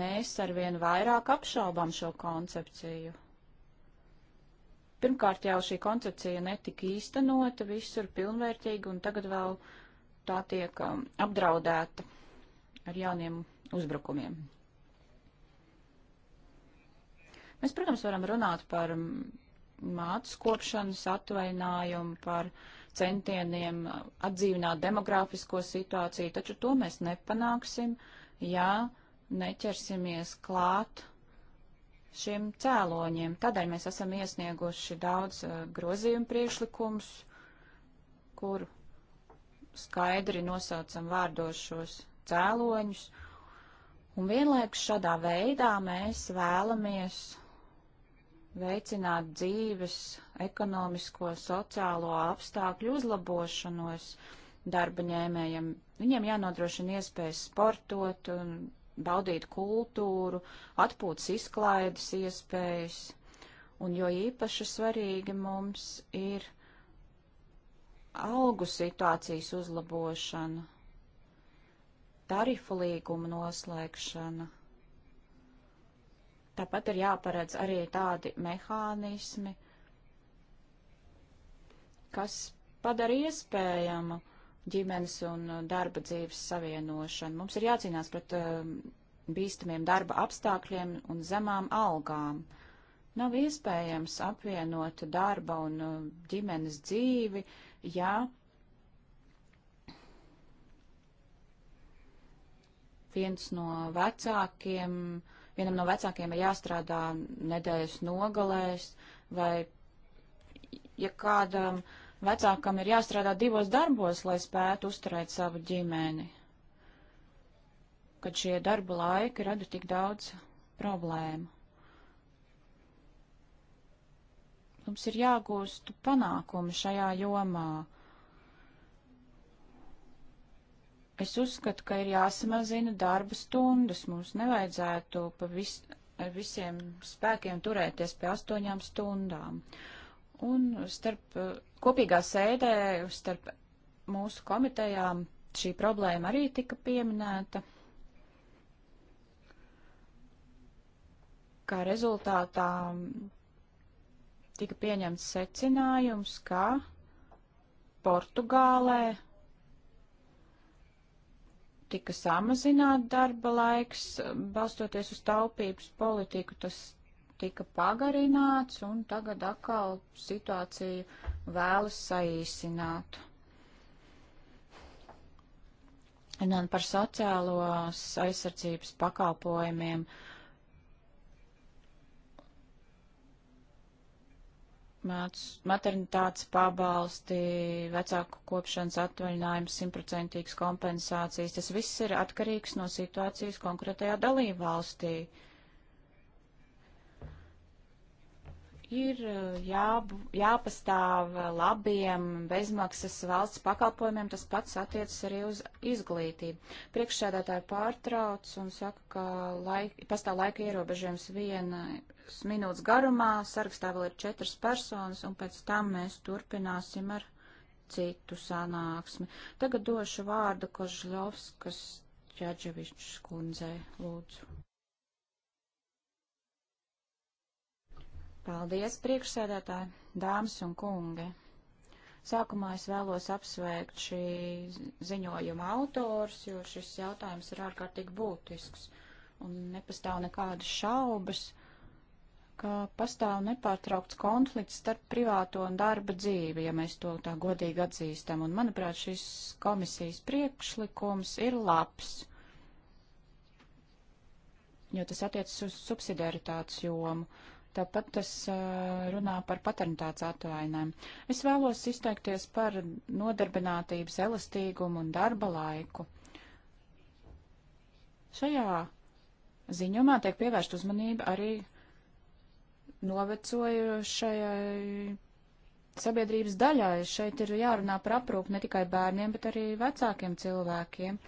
[SPEAKER 3] mēs arvien vairāk apšaubām šo koncepciju. Pirmkārt jau šī koncepcija netika īstenota visur pilnvērtīgi un tagad vēl tā tiek um, apdraudēta ar jauniem uzbrukumiem. Mēs, protams, varam runāt par mātes kopšanas atvainājumu, par centieniem atdzīvināt demografisko situāciju, taču to mēs nepanāksim, ja neķersimies klāt šiem cēloņiem. Tādēļ mēs esam iesnieguši daudz eh, grozījumu priekšlikums, kur skaidri nosaucam vārdos šos cēloņus, un vienlaikus šādā veidā mēs vēlamies veicināt dzīves, ekonomisko, sociālo apstākļu uzlabošanos darba ņēmējiem. Viņiem jānodrošina iespējas sportot un baudīt kultūru, atpūtas izklaides iespējas. Un jo īpaši svarīgi mums ir algu situācijas uzlabošana, tarifu līguma noslēgšana Tāpat ir jāparedz arī tādi mehānismi, kas padara iespējamu ģimenes un darba dzīves savienošanu. Mums ir jācīnās pret um, bīstamiem darba apstākļiem un zemām algām. Nav iespējams apvienot darba un uh, ģimenes dzīvi, ja viens no vecākiem uh, vienam no vecākiem ir jāstrādā nedēļas nogalēs, vai ja kādam vecākam ir jāstrādā divos darbos, lai spētu uzturēt savu ģimeni, kad šie darba laiki rada tik daudz problēmu. Mums ir jāgūst panākumi šajā jomā. Es uzskatu, ka ir jāsamazina darba stundas. Mums nevajadzētu pa vis, ar visiem spēkiem turēties pie astoņām stundām. Un starp kopīgā sēdē, starp mūsu komitejām šī problēma arī tika pieminēta. Kā rezultātā tika pieņemts secinājums, ka Portugālē tika samazināt darba laiks, balstoties uz taupības politiku, tas tika pagarināts, un tagad atkal situāciju vēlas saīsināt. Un par sociālos aizsardzības pakalpojumiem. Uh, maternitātes pabalsti, vecāku kopšanas atvaļinājums, simtprocentīgas kompensācijas. Tas viss ir atkarīgs no situācijas konkrētajā dalībvalstī. Ir uh, jāb, jāpastāv labiem bezmaksas valsts pakalpojumiem, tas pats attiecas arī uz izglītību. Priekšsēdētāji pārtrauc un saka, ka laik, pastāv laika ierobežojums viena minūtes garumā, sarakstā vēl ir četras personas, un pēc tam mēs turpināsim ar citu sanāksmi. Tagad došu vārdu Kožļovskas Čaģevičs kundzei, lūdzu. Paldies, priekšsēdētāji, dāmas un kungi! Sākumā es vēlos apsveikt šī ziņojuma autors, jo šis jautājums ir ārkārtīgi būtisks un nepastāv nekādas šaubas ka pastāv nepārtraukts konflikts starp privāto un darba dzīvi, ja mēs to tā godīgi atzīstam. Un, manuprāt, šis komisijas priekšlikums ir labs, jo tas attiecas uz subsidiaritātes jomu. Tāpat tas runā par paternitātes atvainājumu. Es vēlos izteikties par nodarbinātības elastīgumu un darba laiku. Šajā ziņumā tiek pievērst uzmanība arī novecojušajai sabiedrības daļai. Šeit ir jārunā par aprūpu ne tikai bērniem, bet arī vecākiem cilvēkiem.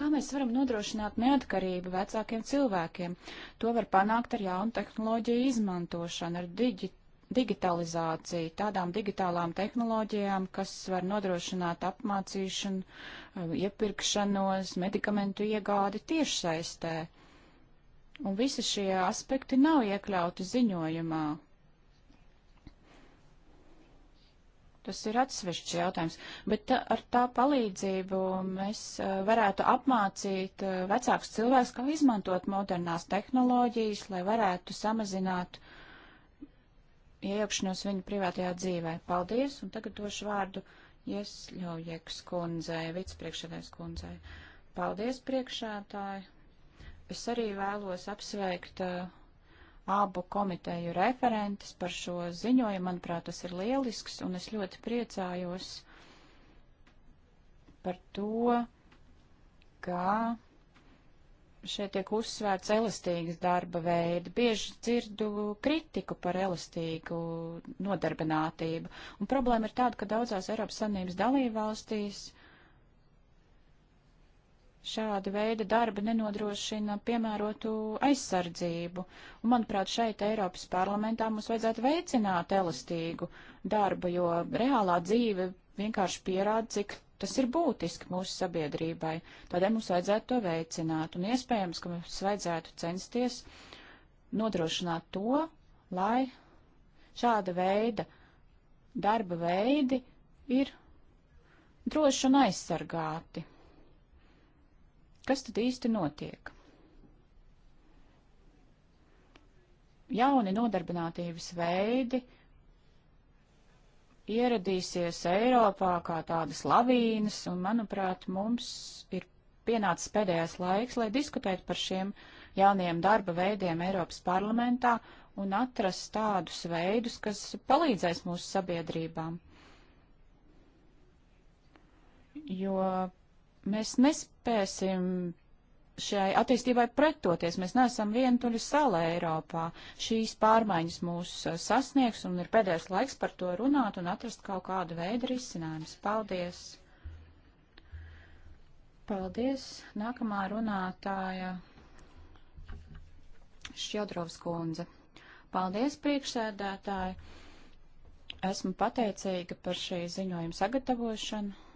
[SPEAKER 3] Kā mēs varam nodrošināt neatkarību vecākiem cilvēkiem? To var panākt ar jaunu tehnoloģiju izmantošanu, ar digi digitalizāciju, tādām digitālām tehnoloģijām, kas var nodrošināt apmācīšanu, iepirkšanos, medikamentu iegādi tiešsaistē. Un visi šie aspekti nav iekļauti ziņojumā. Tas ir atsevišķs jautājums, bet ta, ar tā palīdzību mēs uh, varētu apmācīt uh, vecākus cilvēkus, kā izmantot modernās tehnoloģijas, lai varētu samazināt iejaukšanos viņu privātajā dzīvē. Paldies, un tagad došu vārdu Iesļaujiekas kundzei, vicepriekšēdājas kundzei. Paldies, priekšētāji! Es arī vēlos apsveikt uh, abu komiteju referentes par šo ziņojumu. Manuprāt, tas ir lielisks, un es ļoti priecājos par to, ka šeit tiek uzsvērts elastīgas darba veidi. Bieži dzirdu kritiku par elastīgu nodarbinātību, un problēma ir tāda, ka daudzās Eiropas Savienības dalībvalstīs šāda veida darba nenodrošina piemērotu aizsardzību. Un, manuprāt, šeit Eiropas parlamentā mums vajadzētu veicināt elastīgu darbu, jo reālā dzīve vienkārši pierāda, cik tas ir būtiski mūsu sabiedrībai. Tādēļ mums vajadzētu to veicināt. Un iespējams, ka mums vajadzētu censties nodrošināt to, lai šāda veida darba veidi ir droši un aizsargāti. Kas tad īsti notiek? Jauni nodarbinātības veidi ieradīsies Eiropā kā tādas lavīnas, un, manuprāt, mums ir pienācis pēdējais laiks, lai diskutētu par šiem jaunajiem darba veidiem Eiropas parlamentā un atrast tādus veidus, kas palīdzēs mūsu sabiedrībām. Jo mēs nespēsim šai attīstībai pretoties. Mēs neesam vientuļi sala Eiropā. Šīs pārmaiņas mūs uh, sasniegs un ir pēdējais laiks par to runāt un atrast kaut kādu veidu risinājumus. Paldies! Paldies! Nākamā runātāja Šķiodrovs kundze. Paldies, priekšsēdētāji! Esmu pateicīga par šī ziņojuma sagatavošanu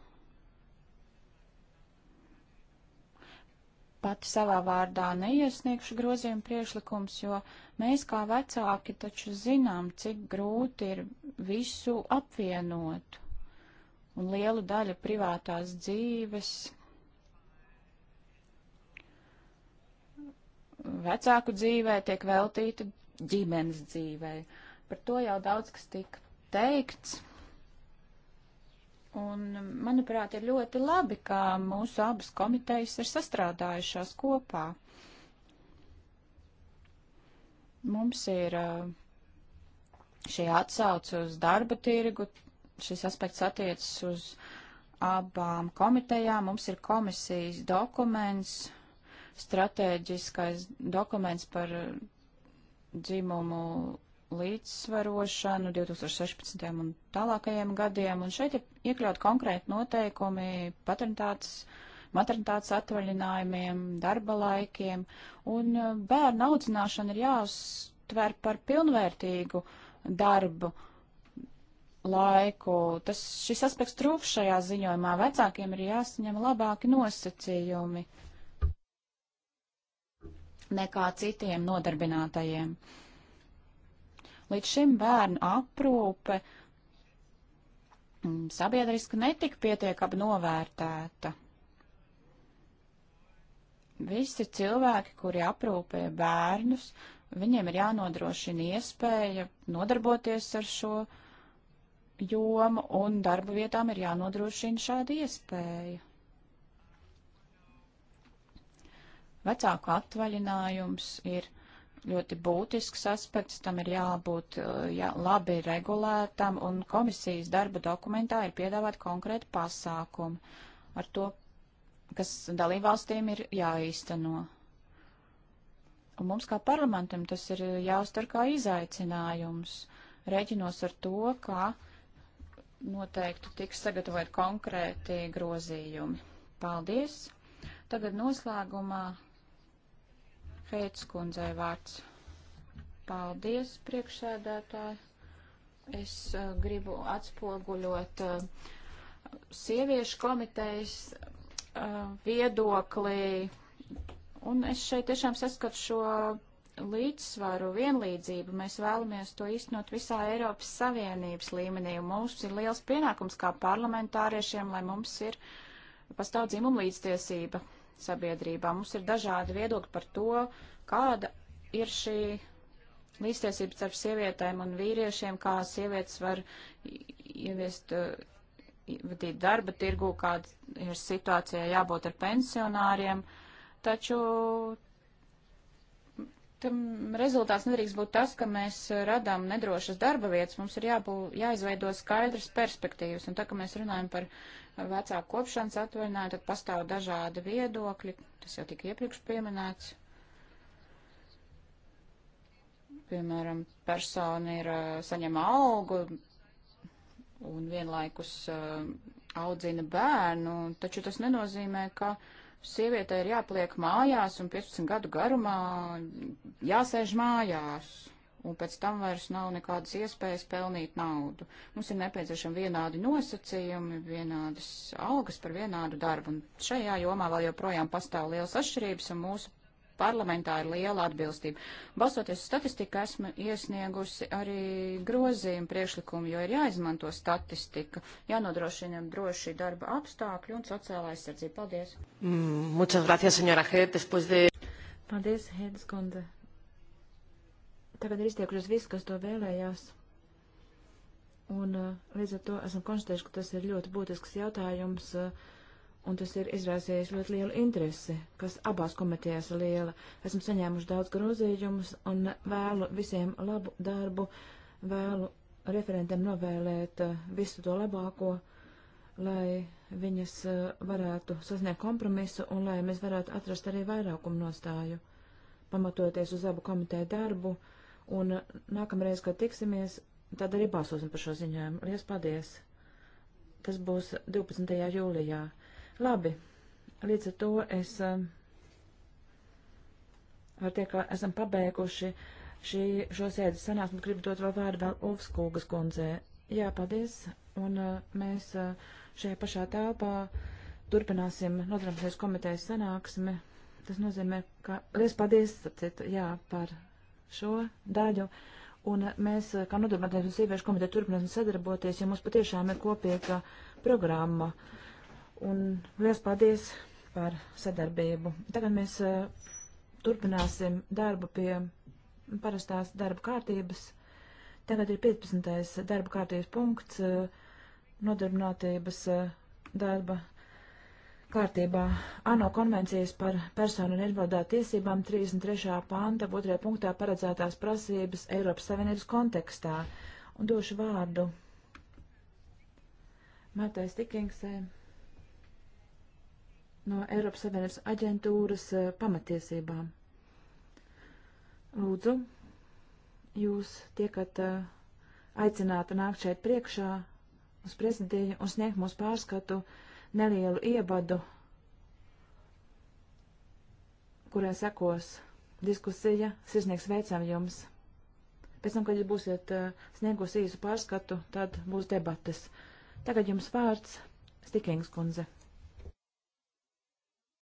[SPEAKER 3] pati savā vārdā neiesniegšu grozījumu priešlikums, jo mēs kā vecāki taču zinām, cik grūti ir visu apvienot un lielu daļu privātās dzīves. Vecāku dzīvē tiek veltīta ģimenes dzīvē. Par to jau daudz kas tika teikts. Un, manuprāt, ir ļoti labi, ka mūsu abas komitejas ir sastrādājušās kopā. Mums ir eh, šī atsauce uz darba tirgu, šis aspekts attiecas uz abām komitejām. Mums ir komisijas dokuments, stratēģiskais dokuments par dzimumu līdzsvarošanu 2016. un tālākajiem gadiem, un šeit ir iekļaut konkrēti noteikumi paternitātes, maternitātes atvaļinājumiem, darba laikiem, un uh, bērnu audzināšana ir jāuztver par pilnvērtīgu darbu laiku. Tas, šis aspekts trūkst šajā ziņojumā. Vecākiem ir jāsaņem labāki nosacījumi nekā citiem nodarbinātajiem. Uh, Līdz šim bērnu aprūpe mm, sabiedriski netika pietiekami novērtēta. Visi cilvēki, kuri aprūpē bērnus, viņiem ir jānodrošina iespēja nodarboties ar šo jomu, un darba vietām ir jānodrošina šāda iespēja. Vecāku atvaļinājums ir ļoti būtisks aspekts, tam ir jābūt eh, jā, labi regulētam, un komisijas darba dokumentā ir piedāvāt konkrēti pasākumi ar to, kas dalībvalstīm ir jāīsteno. Un mums kā parlamentam tas ir jāuztver kā izaicinājums, rēķinos ar to, ka noteikti tiks sagatavot konkrēti grozījumi. Paldies! Tagad noslēgumā Kreits kundzei vārds. Paldies, priekšsēdētāji. Es uh, gribu atspoguļot uh, sieviešu komitejas uh, viedoklī. Un es šeit tiešām saskatu šo līdzsvaru, vienlīdzību. Mēs vēlamies to īstenot visā Eiropas Savienības līmenī. Mums ir liels pienākums kā parlamentāriešiem, lai mums ir pastāv dzimuma līdztiesība sabiedrībā. Mums ir dažādi viedokļi par to, kāda ir šī līdztiesības starp sievietēm un vīriešiem, kā sievietes var ieviest, uh, vadīt darba tirgu, kāda ir situācija jābūt ar pensionāriem. Taču tam rezultāts nedrīkst būt tas, ka mēs radām nedrošas darba vietas. Mums ir jābū, jāizveido skaidras perspektīvas. Un tā, ka mēs runājam par vecāku kopšanas atvaļinājumu, tad pastāv dažādi viedokļi, tas jau tika iepriekš pieminēts. Piemēram, persona ir saņem algu un vienlaikus audzina bērnu, taču tas nenozīmē, ka sievietē ir jāpaliek mājās un 15 gadu garumā jāsēž mājās un pēc tam vairs nav nekādas iespējas pelnīt naudu. Mums ir nepieciešami vienādi nosacījumi, vienādas algas par vienādu darbu, un šajā jomā vēl joprojām pastāv liels atšķirības, un mūsu parlamentā ir liela atbilstība. Balstoties uz statistiku, esmu iesniegusi arī grozījumu priekšlikumu, jo ir jāizmanto statistika, jānodrošina droši darba apstākļi un sociālā aizsardzība. Paldies!
[SPEAKER 1] Mm, muchas gracias, señora Hēd, después de... Paldies, Hēdas kundze. Tagad ir iztiekušies viss, kas to vēlējās. Un uh, līdz ar to esam konstatējuši, ka tas ir ļoti būtisks jautājums, uh, un tas ir izraisījis ļoti lielu interesi, kas abās komitejās ir liela. Esam saņēmuši daudz grozījumus, un vēlu visiem labu darbu, vēlu referentiem novēlēt uh, visu to labāko, lai viņas varētu sasniegt kompromisu, un lai mēs varētu atrast arī vairākumu nostāju, pamatoties uz abu komiteju darbu Un nākamreiz, kad tiksimies, tad arī balsosim par šo ziņojumu. Lies paldies! Tas būs 12. jūlijā. Labi, līdz ar to es um, var teikt, ka esam pabeiguši šī, šo sēdes sanāksmu. Gribu dot vēl vārdu vēl Ulfskūgas kundzē. Jā, paldies! Un uh, mēs uh, šajā pašā telpā turpināsim nodarbināties komitejas sanāksmi. Tas nozīmē, ka liels paldies, citu, jā, par šo daļu. Un mēs, kā nodarbinātības sieviešu komiteja, turpināsim sadarboties, jo mums patiešām ir kopīga programma. Un liels paldies par sadarbību. Tagad mēs eh, turpināsim darbu pie parastās darba kārtības. Tagad ir 15. darba kārtības punkts eh, nodarbinātības eh, darba kārtībā ANO konvencijas par personu un invalidā tiesībām 33. panta 2. punktā paredzētās prasības Eiropas Savienības kontekstā. Un došu vārdu Martai Stikingsai no Eiropas Savienības aģentūras eh, pamatiesībām. Lūdzu, jūs tiekat eh, aicināti nākt šeit priekšā uz prezidiju un sniegt mūsu pārskatu uh, nelielu ievadu, kurā sekos diskusija. Sirsnieks veicam jums! Pēc tam, kad jūs būsiet eh, sniegus īsu pārskatu, tad būs debates. Tagad jums vārds Stikings kundze.